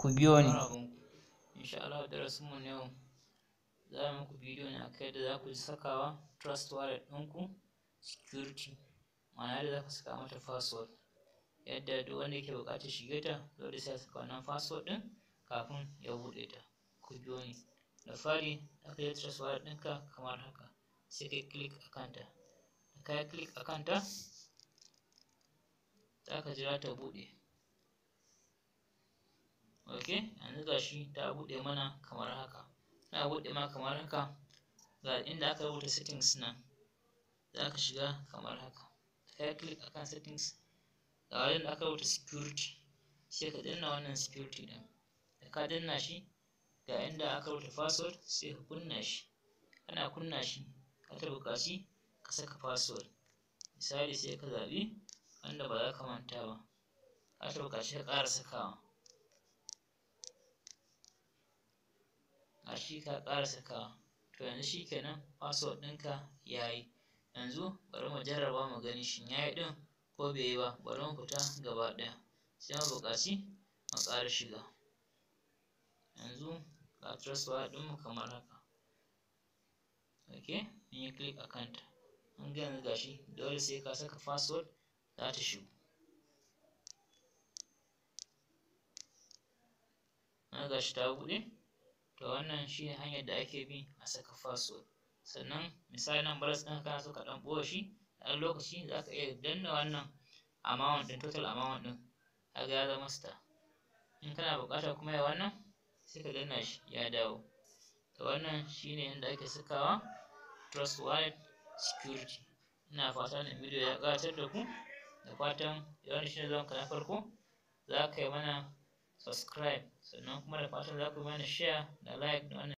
ku biyo ni insha Allah darasin mu ne za mu ku bidiyo ne akai da za ku sakawa trust wallet ɗinku security mana da za ku saka mata password yadda duk wanda yake buƙatar shige ta dole sai ya saka wannan password ɗin kafin ya buɗe ta ku biyo ni da fari za ka trust wallet ɗinka kamar haka sai kai click akan ta da ka click akan ta za ka jira ta buɗe ok yanzu ga shi ta buɗe mana kamar haka ta buɗe ma kamar haka ga inda aka rubuta settings nan za ka shiga kamar haka ka yi click akan settings ga wajen da aka rubuta security sai ka danna wannan security ɗin da ka danna shi ga inda aka rubuta password sai ka kunna shi kana kunna shi ka ta buƙaci ka saka password misali sai ka zaɓi wanda ba za ka manta ba ka ta buƙaci ka ƙara sakawa shi ka ƙara sakawa to yanzu shi kenan password ɗinka ya yi yanzu bari mu jarraba mu gani shin ya yi ɗin ko bai yi ba bari mu fita gaba ɗaya sai mu buƙaci mu ƙara shiga yanzu ga transfer ɗinmu kamar haka ok mun yi click account mun ga yanzu gashi dole sai ka saka password za ta shigo na gashi ta buɗe to wannan shi ne hanyar da ake bi a saka password sannan misali misalin balas ɗin kana so ka ɗan ɓoye shi a lokaci za ka iya danna wannan amount ɗin total amount din, kaga ya zama star in kana buƙatar kuma ya wannan sai ka danna shi ya dawo to wannan shi shine yadda ake sakawa trust wallet security ina fatan wannan bidiyo ya ƙayatar da ku da fatan yawan shi ne zan kana farko za ka yi mana subscribe sannan kuma da fatan za ku bani share da like da wannan